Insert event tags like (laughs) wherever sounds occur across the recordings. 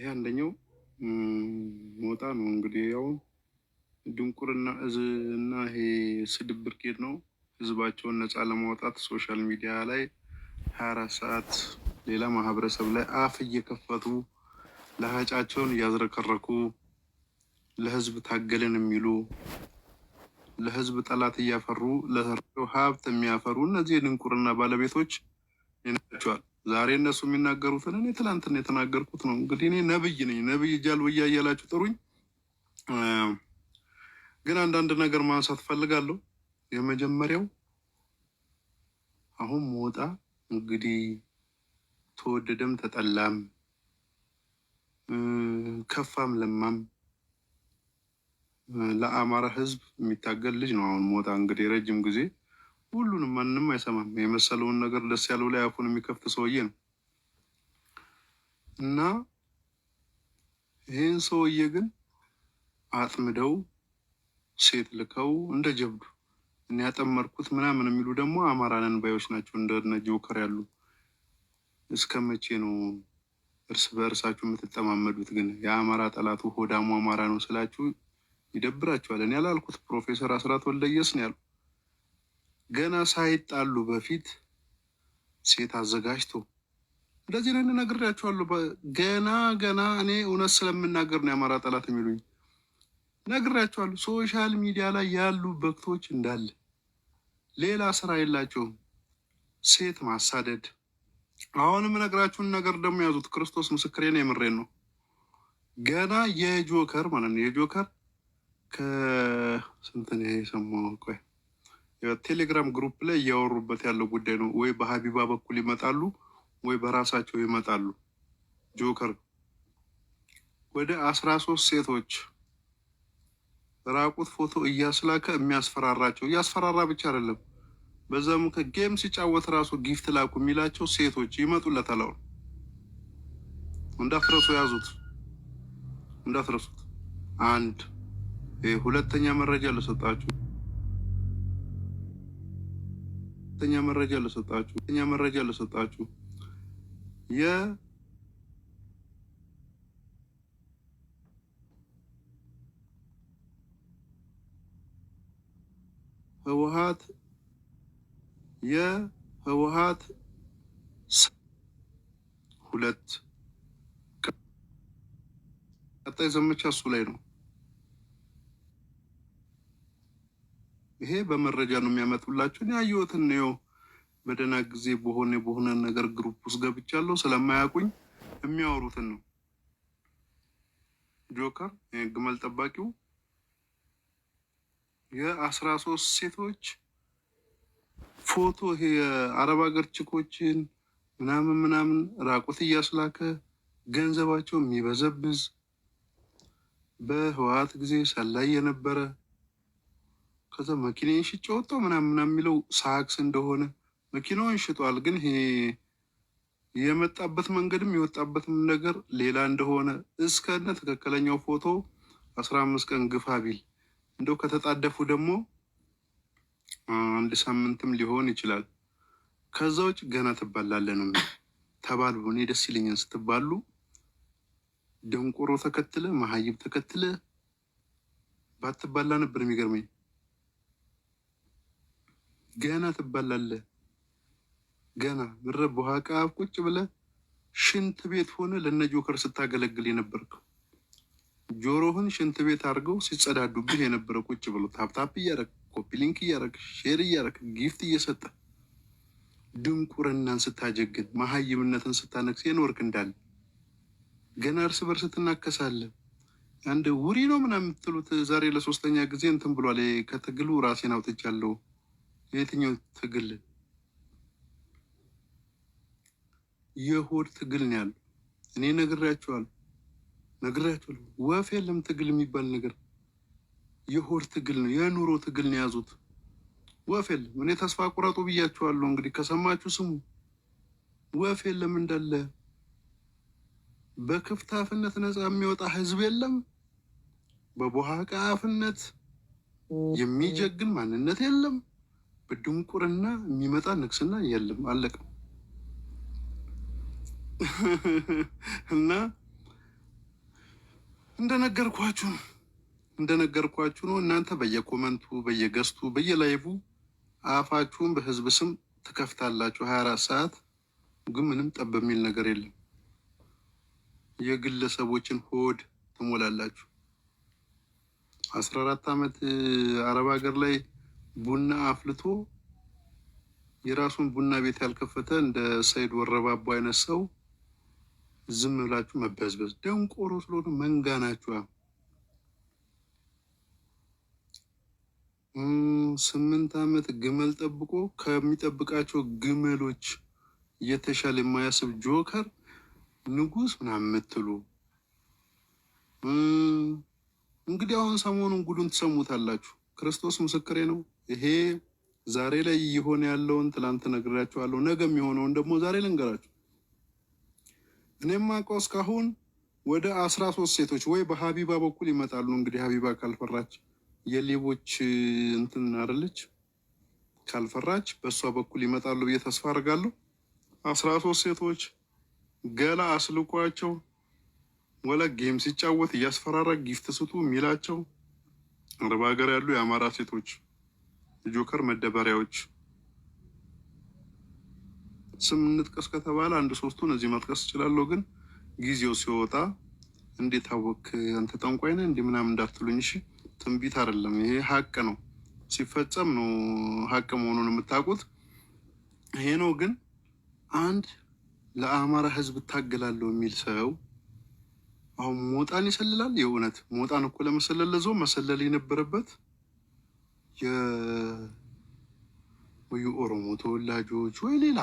ይሄ አንደኛው ሞጣ ነው እንግዲህ ያው ድንቁርና እና ይሄ ስድብ ብርጌድ ነው። ህዝባቸውን ነፃ ለማውጣት ሶሻል ሚዲያ ላይ ሀያ አራት ሰዓት ሌላ ማህበረሰብ ላይ አፍ እየከፈቱ ለሀጫቸውን እያዝረከረኩ ለህዝብ ታገልን የሚሉ ለህዝብ ጠላት እያፈሩ ለሰርቸው ሀብት የሚያፈሩ እነዚህ የድንቁርና ባለቤቶች ይናቸዋል። ዛሬ እነሱ የሚናገሩትን እኔ ትላንትና የተናገርኩት ነው። እንግዲህ እኔ ነብይ ነኝ፣ ነብይ ጃልብያ እያላችሁ ጥሩኝ። ግን አንዳንድ ነገር ማንሳት ፈልጋለሁ። የመጀመሪያው አሁን ሞጣ እንግዲህ ተወደደም ተጠላም ከፋም ለማም ለአማራ ሕዝብ የሚታገል ልጅ ነው። አሁን ሞጣ እንግዲህ ረጅም ጊዜ ሁሉንም ማንም አይሰማም። የመሰለውን ነገር ደስ ያለው ላይ አፉን የሚከፍት ሰውዬ ነው እና ይህን ሰውዬ ግን አጥምደው ሴት ልከው እንደ ጀብዱ እኔ ያጠመርኩት ምናምን የሚሉ ደግሞ አማራ ነን ባዮች ናቸው። እንደነ ጆከር ያሉ እስከ መቼ ነው እርስ በእርሳችሁ የምትጠማመዱት? ግን የአማራ ጠላቱ ሆዳሙ አማራ ነው ስላችሁ ይደብራችኋል። እኔ ያላልኩት ፕሮፌሰር አስራት ወልደየስ ነው ያሉ ገና ሳይጣሉ በፊት ሴት አዘጋጅቶ እንደዚህ ነን ነግሬያቸዋለሁ። ገና ገና እኔ እውነት ስለምናገር ነው የአማራ ጠላት የሚሉኝ ነግሬያቸዋለሁ። ሶሻል ሚዲያ ላይ ያሉ በክቶች እንዳለ ሌላ ስራ የላቸውም፣ ሴት ማሳደድ። አሁንም ነግራችሁን ነገር ደግሞ ያዙት። ክርስቶስ ምስክሬን የምሬን ነው። ገና የጆከር ማለት ነው የጆከር ከስንትን ነው ቆይ ቴሌግራም ግሩፕ ላይ እያወሩበት ያለው ጉዳይ ነው። ወይ በሀቢባ በኩል ይመጣሉ ወይ በራሳቸው ይመጣሉ። ጆከር ወደ አስራ ሶስት ሴቶች ራቁት ፎቶ እያስላከ የሚያስፈራራቸው እያስፈራራ ብቻ አይደለም። በዛ ምክንያት ጌም ሲጫወት ራሱ ጊፍት ላኩ የሚላቸው ሴቶች ይመጡለታል። አሁን እንዳፍረሱ ያዙት፣ እንዳፍረሱት። አንድ ሁለተኛ መረጃ ለሰጣችሁ ተኛ መረጃ ለሰጣችሁ ተኛ መረጃ ለሰጣችሁ የ ህወሓት የህወሓት ሁለት ቀጣይ ዘመቻ እሱ ላይ ነው። ይሄ በመረጃ ነው የሚያመጡላቸውን ያየሁትን ነው። በደህና ጊዜ በሆነ በሆነ ነገር ግሩፕ ውስጥ ገብቻለሁ። ስለማያውቁኝ የሚያወሩትን ነው። ጆከር ግመል ጠባቂው የአስራ ሶስት ሴቶች ፎቶ ይሄ የአረብ ሀገር ችኮችን ምናምን ምናምን ራቁት እያስላከ ገንዘባቸው የሚበዘብዝ በህወሓት ጊዜ ሰላይ የነበረ ከዛ መኪናን ሽጭ ወጣ ምናምን የሚለው ሳክስ እንደሆነ መኪናውን ሽጧል፣ ግን የመጣበት መንገድም የወጣበትም ነገር ሌላ እንደሆነ እስከነ ትክክለኛው ፎቶ አስራ አምስት ቀን ግፋ ቢል እንደው ከተጣደፉ ደግሞ አንድ ሳምንትም ሊሆን ይችላል። ከዛ ውጭ ገና ትባላለንም ተባል እኔ ደስ ይለኛል ስትባሉ ደንቆሮ ተከትለ መሀይብ ተከትለ ባትባላ ነበር የሚገርመኝ። ገና ትበላለህ። ገና ብረ በኋቃ ቁጭ ብለህ ሽንት ቤት ሆነ ለነ ጆከር ስታገለግል የነበርከው ጆሮህን ሽንት ቤት አድርገው ሲጸዳዱብህ የነበረ ቁጭ ብሎ ታፕታፕ እያረግ ኮፒ ሊንክ እያረግ ሼር እያረግ ጊፍት እየሰጠ ድንቁርናን ስታጀግን መሀይምነትን ስታነግስ የኖርክ እንዳለ ገና እርስ በርስ ትናከሳለህ። አንድ ውሪ ነው ምናምን የምትሉት ዛሬ ለሶስተኛ ጊዜ እንትን ብሏል። ከትግሉ ራሴን አውጥቻለሁ። የትኛው ትግል? የሆድ ትግል ነው ያለው። እኔ ነግራችኋለሁ፣ ነግራችኋለሁ። ወፍ የለም ትግል የሚባል ነገር የሆድ ትግል ነው፣ የኑሮ ትግል ነው የያዙት። ወፍ የለም። እኔ ተስፋ ቁረጡ ብያችኋለሁ። እንግዲህ ከሰማችሁ ስሙ። ወፍ የለም እንዳለ በክፍት አፍነት ነፃ የሚወጣ ህዝብ የለም። በቦሃቃ አፍነት የሚጀግን ማንነት የለም። በድንቁርና የሚመጣ ንግስና የለም፣ አለቀ እና እንደነገርኳችሁ ነው እንደነገርኳችሁ ነው። እናንተ በየኮመንቱ በየገስቱ በየላይቡ አፋችሁን በህዝብ ስም ትከፍታላችሁ ሀያ አራት ሰዓት ግን ምንም ጠብ የሚል ነገር የለም። የግለሰቦችን ሆድ ትሞላላችሁ። አስራ አራት ዓመት አረብ ሀገር ላይ ቡና አፍልቶ የራሱን ቡና ቤት ያልከፈተ እንደ ሰይድ ወረባቦ አይነት ሰው ዝም ብላችሁ መበዝበዝ ደንቆሮ ስለሆነ መንጋ ናችኋ። ስምንት ዓመት ግመል ጠብቆ ከሚጠብቃቸው ግመሎች እየተሻለ የማያስብ ጆከር ንጉስ ምናምን የምትሉ እንግዲህ አሁን ሰሞኑን ጉዱን ትሰሙታላችሁ። ክርስቶስ ምስክሬ ነው። ይሄ ዛሬ ላይ እየሆነ ያለውን ትላንት ነግራችኋለሁ። ነገ የሚሆነውን ደግሞ ዛሬ ልንገራችሁ። እኔም አውቀው እስካሁን ወደ አስራ ሶስት ሴቶች ወይ በሀቢባ በኩል ይመጣሉ። እንግዲህ ሀቢባ ካልፈራች የሌቦች እንትን አደለች፣ ካልፈራች በእሷ በኩል ይመጣሉ ብዬ ተስፋ አድርጋለሁ። አስራ ሶስት ሴቶች ገላ አስልቋቸው ወለ ጌም ሲጫወት እያስፈራራ ጊፍት ስጡ የሚላቸው አረብ ሀገር ያሉ የአማራ ሴቶች የጆከር መደበሪያዎች ስም እንጥቀስ ከተባለ አንድ ሶስቱን እዚህ መጥቀስ እችላለሁ፣ ግን ጊዜው ሲወጣ እንዴት አወክ አንተ ጠንቋይ ነህ እንዲህ ምናምን እንዳትሉኝ። እሺ ትንቢት አይደለም ይሄ ሀቅ ነው፣ ሲፈጸም ነው ሀቅ መሆኑን የምታውቁት። ይሄ ነው ግን አንድ ለአማራ ህዝብ እታገላለሁ የሚል ሰው አሁን ሞጣን ይሰልላል። የእውነት ሞጣን እኮ ለመሰለል ለዞ መሰለል የነበረበት የኦሮሞ ተወላጆች ወይ ሌላ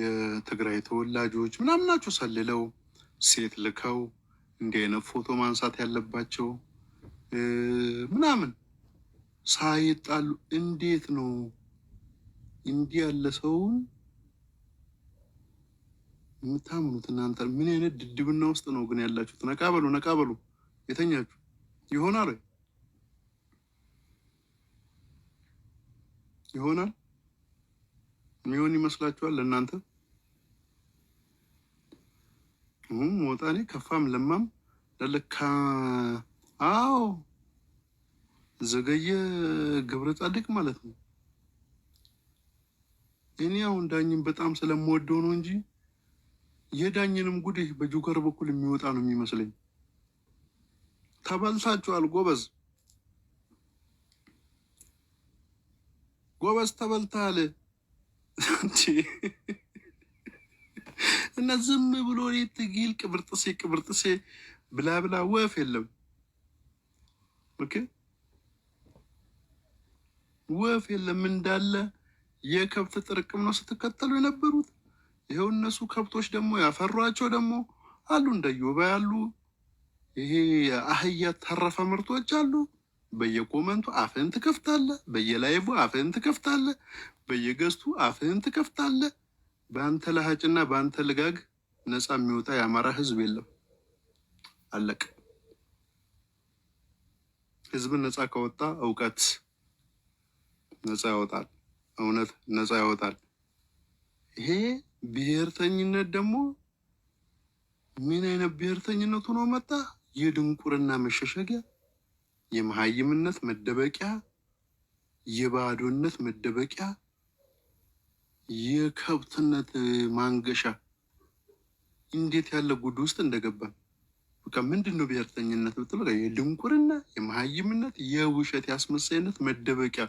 የትግራይ ተወላጆች ምናምን ናቸው ሰልለው ሴት ልከው እንዲህ አይነት ፎቶ ማንሳት ያለባቸው ምናምን ሳይጣሉ እንዴት ነው እንዲህ ያለ ሰውን የምታምኑት እናንተ ምን አይነት ድድብና ውስጥ ነው ግን ያላችሁት? ነቃ በሉ ነቃ በሉ የተኛችሁ ይሆናል ይሆናል የሚሆን ይመስላችኋል ለእናንተ? ሁም ወጣኔ ከፋም ለማም ለልካ አዎ ዘገየ ግብረ ጻድቅ ማለት ነው። እኔ አሁን ዳኝም በጣም ስለምወደው ነው እንጂ የዳኝንም ጉድህ በጆከር በኩል የሚወጣ ነው የሚመስለኝ። ተበልታችኋል ጎበዝ ጎበዝ ተበልታል እና ዝም ብሎ ትግል ቅብርጥሴ ቅብርጥሴ ብላ ወፍ የለም ኦኬ ወፍ የለም እንዳለ የከብት ጥርቅም ነው ስትከተሉ የነበሩት። ይኸው እነሱ ከብቶች ደግሞ ያፈሯቸው ደግሞ አሉ እንደ ያሉ ይሄ አህያ ተረፈ ምርቶች አሉ። በየኮመንቱ አፍህን ትከፍታለህ፣ በየላይቡ አፍህን ትከፍታለህ፣ በየገዝቱ አፍህን ትከፍታለህ። በአንተ ለሀጭና በአንተ ልጋግ ነፃ የሚወጣ የአማራ ህዝብ የለም። አለቅ ህዝብን ነፃ ከወጣ እውቀት ነፃ ያወጣል፣ እውነት ነፃ ያወጣል። ይሄ ብሔርተኝነት ደግሞ ምን አይነት ብሔርተኝነት ሆኖ መጣ? የድንቁርና መሸሸጊያ፣ የመሀይምነት መደበቂያ፣ የባዶነት መደበቂያ፣ የከብትነት ማንገሻ። እንዴት ያለ ጉድ ውስጥ እንደገባ በቃ ምንድን ነው ብሔርተኝነት ብትሉ የድንቁርና፣ የመሀይምነት፣ የውሸት፣ ያስመሳይነት መደበቂያ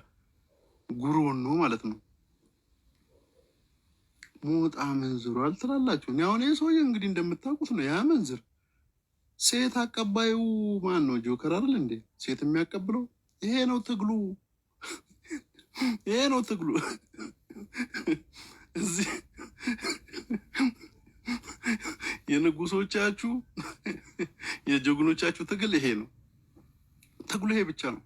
ጉሮኖ ማለት ነው። ሞጣ አመንዝሯል ትላላችሁ። እኔ አሁን ይህ ሰውዬ እንግዲህ እንደምታውቁት ነው ያመንዝር። ሴት አቀባዩ ማን ነው? ጆከር አይደል እንዴ? ሴት የሚያቀብለው ይሄ ነው ትግሉ፣ ይሄ ነው ትግሉ። እዚህ የንጉሶቻችሁ የጀግኖቻችሁ ትግል ይሄ ነው ትግሉ፣ ይሄ ብቻ ነው።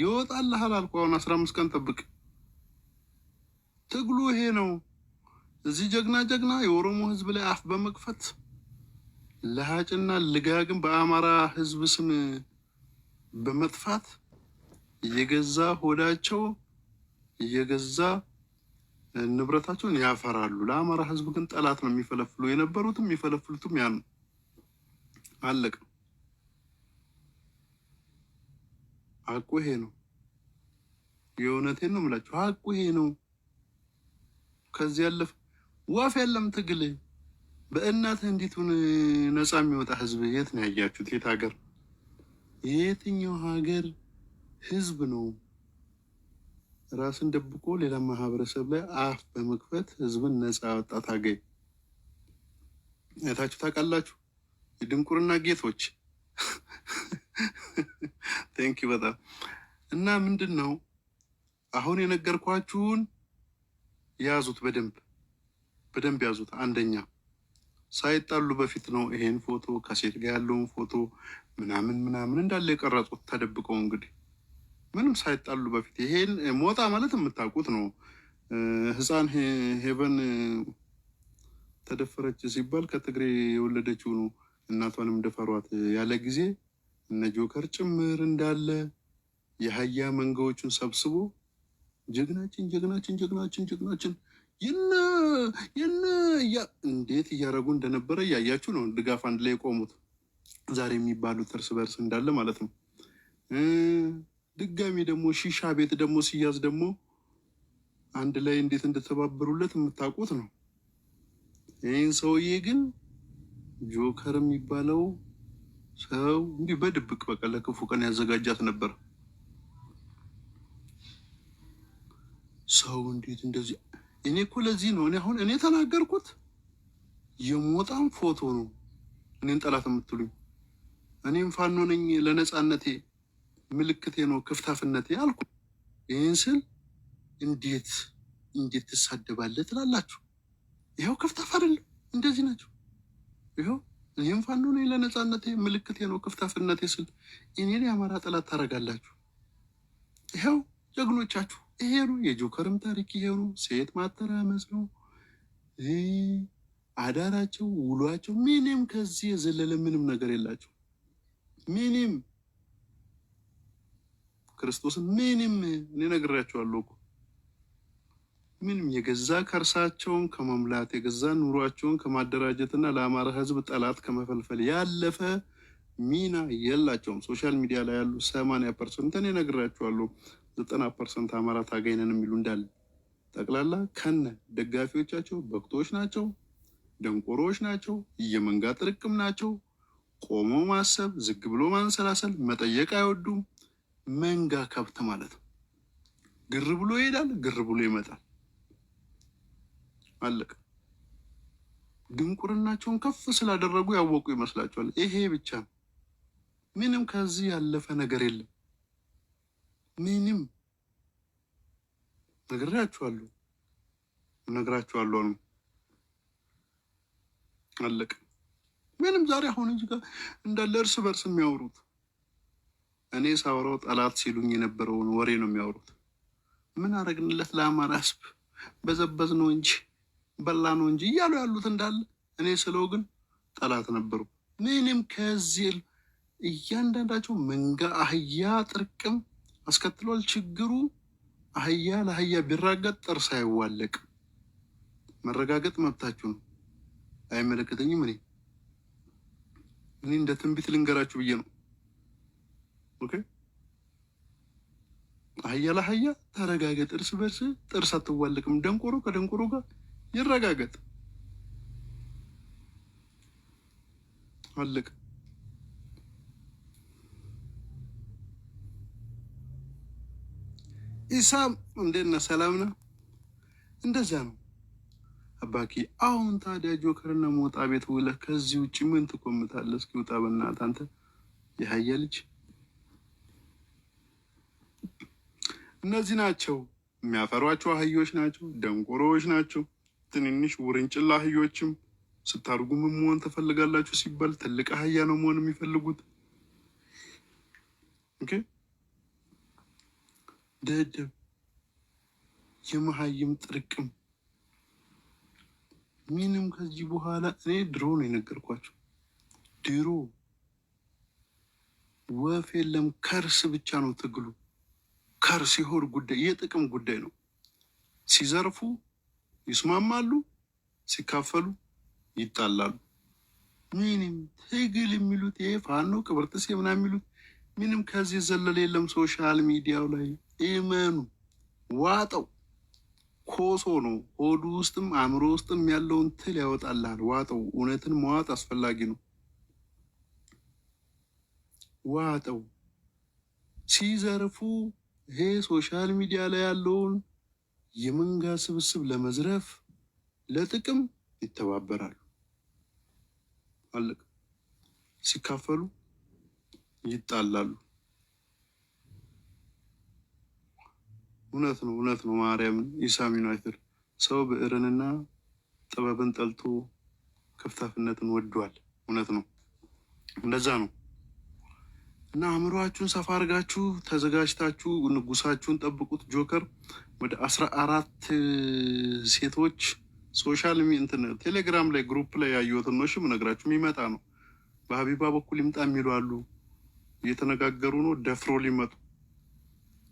ይወጣልሃል አልኩህ። አሁን አስራ አምስት ቀን ጠብቅ። ትግሉ ይሄ ነው። እዚህ ጀግና ጀግና የኦሮሞ ህዝብ ላይ አፍ በመክፈት ለሀጭና ልጋግን በአማራ ህዝብ ስም በመጥፋት የገዛ ሆዳቸው የገዛ ንብረታቸውን ያፈራሉ። ለአማራ ህዝብ ግን ጠላት ነው የሚፈለፍሉ የነበሩትም የሚፈለፍሉትም ያን አለቅ ሀቁ ይሄ ነው። የእውነቴን ነው የምላችሁ ሀቁ ይሄ ነው። ከዚህ ያለፍ ወፍ የለም። ትግል በእናትህ እንዲቱን ነፃ የሚወጣ ህዝብ የት ነው ያያችሁት? የት ሀገር የየትኛው ሀገር ህዝብ ነው ራስን ደብቆ ሌላ ማህበረሰብ ላይ አፍ በመክፈት ህዝብን ነፃ ወጣ ታገኝ አይታችሁ ታውቃላችሁ? የድንቁርና ጌቶች ቴንኪ (laughs) በጣም እና ምንድን ነው አሁን የነገርኳችሁን ያዙት፣ በደንብ በደንብ ያዙት። አንደኛ ሳይጣሉ በፊት ነው ይሄን ፎቶ ከሴት ጋር ያለውን ፎቶ ምናምን ምናምን እንዳለ የቀረጹት ተደብቀው። እንግዲህ ምንም ሳይጣሉ በፊት ይሄን ሞጣ ማለት የምታውቁት ነው። ህፃን ሄቨን ተደፈረች ሲባል ከትግሬ የወለደችው ነው። እናቷንም ደፈሯት ያለ ጊዜ እነ ጆከር ጭምር እንዳለ የሀያ መንጋዎቹን ሰብስቦ ጀግናችን ጀግናችን ጀግናችን ጀግናችን የነ የነ እንዴት እያደረጉ እንደነበረ እያያችሁ ነው። ድጋፍ አንድ ላይ የቆሙት ዛሬ የሚባሉት እርስ በርስ እንዳለ ማለት ነው። ድጋሚ ደግሞ ሺሻ ቤት ደግሞ ሲያዝ ደግሞ አንድ ላይ እንዴት እንደተባበሩለት የምታውቁት ነው። ይህን ሰውዬ ግን ጆከር የሚባለው ሰው እንዲህ በድብቅ በቃ ለክፉ ቀን ያዘጋጃት ነበር። ሰው እንዴት እንደዚህ እኔ እኮ ለዚህ ነው እኔ አሁን እኔ የተናገርኩት የሞጣን ፎቶ ነው። እኔን ጠላት የምትሉኝ እኔም ፋኖ ነኝ፣ ለነፃነቴ ምልክቴ ነው ክፍታፍነቴ አልኩ። ይህን ስል እንዴት እንዴት ትሳደባለህ ትላላችሁ። ይኸው ክፍታፍ አይደለም እንደዚህ ናቸው። ይኸው እኔም ፋኖ ነኝ፣ ለነፃነቴ ምልክቴ ነው ክፍታፍነቴ ስል እኔን የአማራ ጠላት ታደርጋላችሁ። ይኸው ጀግኖቻችሁ ይሄ ነው የጆከርም ታሪክ ይሄ ነው። ሴት ማተራመስ ነው አዳራቸው፣ ውሏቸው ምንም ከዚህ የዘለለ ምንም ነገር የላቸው። ምንም ክርስቶስን ምንም እኔ ነግራቸዋለሁ እኮ ምንም የገዛ ከርሳቸውን ከመምላት የገዛ ኑሯቸውን ከማደራጀትና ለአማራ ሕዝብ ጠላት ከመፈልፈል ያለፈ ሚና የላቸውም። ሶሻል ሚዲያ ላይ ያሉ ሰማንያ ፐርሰንት እኔ ነግራቸዋለሁ። ዘጠና ፐርሰንት አማራ ታጋይ የሚሉ እንዳለ ጠቅላላ ከነ ደጋፊዎቻቸው በክቶች ናቸው፣ ደንቆሮዎች ናቸው፣ የመንጋ ጥርቅም ናቸው። ቆሞ ማሰብ፣ ዝግ ብሎ ማንሰላሰል፣ መጠየቅ አይወዱም። መንጋ ከብት ማለት ነው። ግር ብሎ ይሄዳል፣ ግር ብሎ ይመጣል። አለቀ። ድንቁርናቸውን ከፍ ስላደረጉ ያወቁ ይመስላቸዋል። ይሄ ብቻ ነው። ምንም ከዚህ ያለፈ ነገር የለም። ምንም ነግራችኋለሁ ነግራችኋለሁ አሉ አለቅ ምንም ዛሬ አሁን እዚህ ጋር እንዳለ እርስ በርስ የሚያወሩት እኔ ሳወራው ጠላት ሲሉኝ የነበረውን ወሬ ነው የሚያወሩት። ምን አረግንለት ለአማራ ህዝብ በዘበዝ ነው እንጂ በላ ነው እንጂ እያሉ ያሉት እንዳለ እኔ ስለው ግን ጠላት ነበሩ። ምንም ከዚህ እያንዳንዳቸው መንጋ አህያ ጥርቅም አስከትሏል። ችግሩ አህያ ለአህያ ቢራገጥ ጥርስ አይዋለቅ። መረጋገጥ መብታችሁ ነው፣ አይመለከተኝም። እኔ እኔ እንደ ትንቢት ልንገራችሁ ብዬ ነው። ኦኬ አህያ ለአህያ ተረጋገጥ፣ እርስ በርስ ጥርስ አትዋለቅም። ደንቆሮ ከደንቆሮ ጋር ይረጋገጥ አለቅ ኢሳም እንዴት ነህ? ሰላም ነው። እንደዛ ነው አባኪ። አሁን ታዲያ ጆከርና ሞጣ ቤት ውለህ ከዚህ ውጭ ምን ትቆምጣለህ? እስኪ ውጣ በእናትህ አንተ የሀያ ልጅ። እነዚህ ናቸው የሚያፈሯቸው አህዮች ናቸው፣ ደንቆሮዎች ናቸው። ትንንሽ ውርንጭላ አህዮችም ስታርጉም መሆን ትፈልጋላችሁ ሲባል ትልቅ አህያ ነው መሆን የሚፈልጉት። ኦኬ ደደብ የመሀይም ጥርቅም ምንም ከዚህ በኋላ እኔ ድሮ ነው የነገርኳቸው። ድሮ ወፍ የለም ከርስ ብቻ ነው ትግሉ። ከርስ የሆድ ጉዳይ የጥቅም ጉዳይ ነው። ሲዘርፉ ይስማማሉ፣ ሲካፈሉ ይጣላሉ። ምንም ትግል የሚሉት ይሄ ፋኖ ቅብርትሴ የምና የሚሉት ምንም ከዚህ ዘለል የለም ሶሻል ሚዲያው ላይ እመኑ፣ ዋጠው። ኮሶ ነው። ሆዱ ውስጥም አእምሮ ውስጥም ያለውን ትል ያወጣልሃል። ዋጠው። እውነትን መዋጥ አስፈላጊ ነው። ዋጠው። ሲዘርፉ ይሄ ሶሻል ሚዲያ ላይ ያለውን የመንጋ ስብስብ ለመዝረፍ ለጥቅም ይተባበራሉ። አለቅ ሲካፈሉ ይጣላሉ። እውነት ነው፣ እውነት ነው። ማርያምን ኢሳም ዩናይትድ ሰው ብዕርንና ጥበብን ጠልቶ ክፍታፍነትን ወዷል። እውነት ነው፣ እንደዛ ነው። እና አእምሯችሁን ሰፋ አድርጋችሁ ተዘጋጅታችሁ ንጉሳችሁን ጠብቁት። ጆከር ወደ አስራ አራት ሴቶች ሶሻል እንትን ቴሌግራም ላይ ግሩፕ ላይ ያየሁትን ነው። እሺ ምነግራችሁ የሚመጣ ነው። በሀቢባ በኩል ይምጣ የሚሉ አሉ፣ እየተነጋገሩ ነው። ደፍሮ ሊመጡ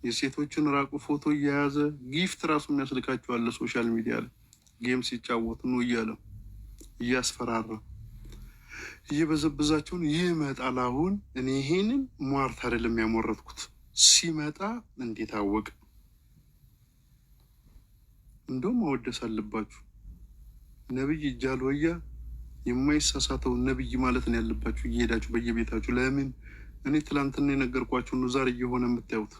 የሴቶችን ራቁ ፎቶ እየያዘ ጊፍት ራሱ የሚያስልካቸው አለ። ሶሻል ሚዲያ ላይ ጌም ሲጫወት ነው እያለ እያስፈራራ እየበዘበዛቸውን ይመጣል። አሁን እኔ ይሄንን ሟርት አይደለም ያሟረትኩት፣ ሲመጣ እንዴት አወቀ? እንደውም አወደስ አለባችሁ። ነብይ እጃል ወያ የማይሳሳተው ነብይ ማለት ነው ያለባችሁ። እየሄዳችሁ በየቤታችሁ ለምን እኔ ትላንትና የነገርኳችሁ ነው ዛሬ እየሆነ የምታዩት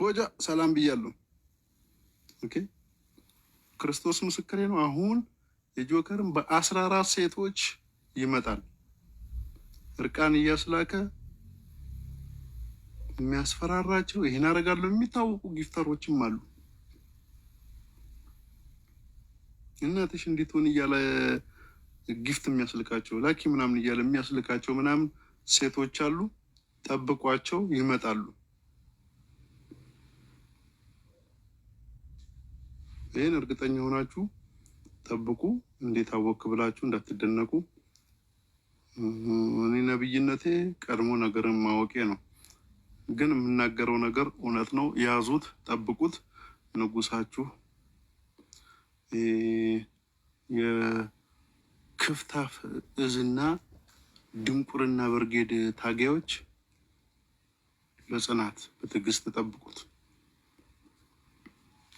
ቦጃ ሰላም ብያለሁ። ኦኬ ክርስቶስ ምስክሬ ነው። አሁን የጆከርን በአስራ አራት ሴቶች ይመጣል እርቃን እያስላከ የሚያስፈራራቸው ይህን አደርጋለሁ የሚታወቁ ጊፍተሮችም አሉ። እናትሽ እንዲትሆን እያለ ጊፍት የሚያስልካቸው ላኪ ምናምን እያለ የሚያስልካቸው ምናምን ሴቶች አሉ። ጠብቋቸው ይመጣሉ። ይህን እርግጠኛ ሆናችሁ ጠብቁ። እንዴት አወክ ብላችሁ እንዳትደነቁ። እኔ ነብይነቴ ቀድሞ ነገርን ማወቄ ነው። ግን የምናገረው ነገር እውነት ነው። ያዙት፣ ጠብቁት። ንጉሳችሁ የክፍታፍ እዝና ድንቁርና ብርጌድ ታጋዮች በጽናት በትዕግስት ጠብቁት።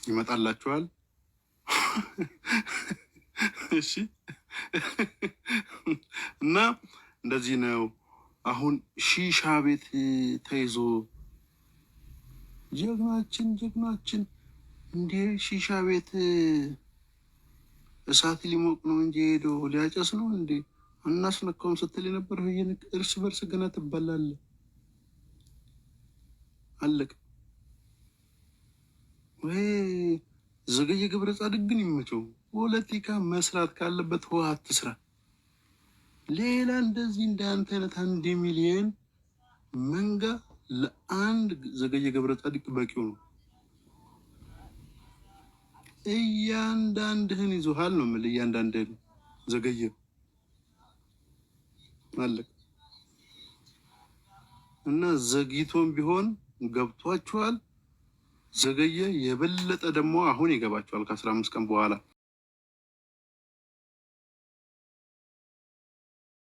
ይመጣላችኋል። እሺ። እና እንደዚህ ነው። አሁን ሺሻ ቤት ተይዞ ጀግናችን ጀግናችን እንዴ ሺሻ ቤት እሳት ሊሞቅ ነው እንጂ ሄዶ ሊያጨስ ነው እንዴ አናስነካውም ስትል የነበረው እርስ በርስ ገና ትበላለህ። አለቅ ወይ ዘገየ ገብረ ጻድቅ ግን ይመቸው። ፖለቲካ መስራት ካለበት ህወሓት ትስራ። ሌላ እንደዚህ እንደ አንተ አይነት አንድ ሚሊየን መንጋ ለአንድ ዘገየ ገብረ ጻድቅ በቂው ነው። እያንዳንድህን ይዞሃል ነው የምልህ። እያንዳንድህን ዘገየ አለ እና ዘግይቶም ቢሆን ገብቷችኋል። ዘገየ የበለጠ ደግሞ አሁን ይገባቸዋል ከአስራ አምስት ቀን በኋላ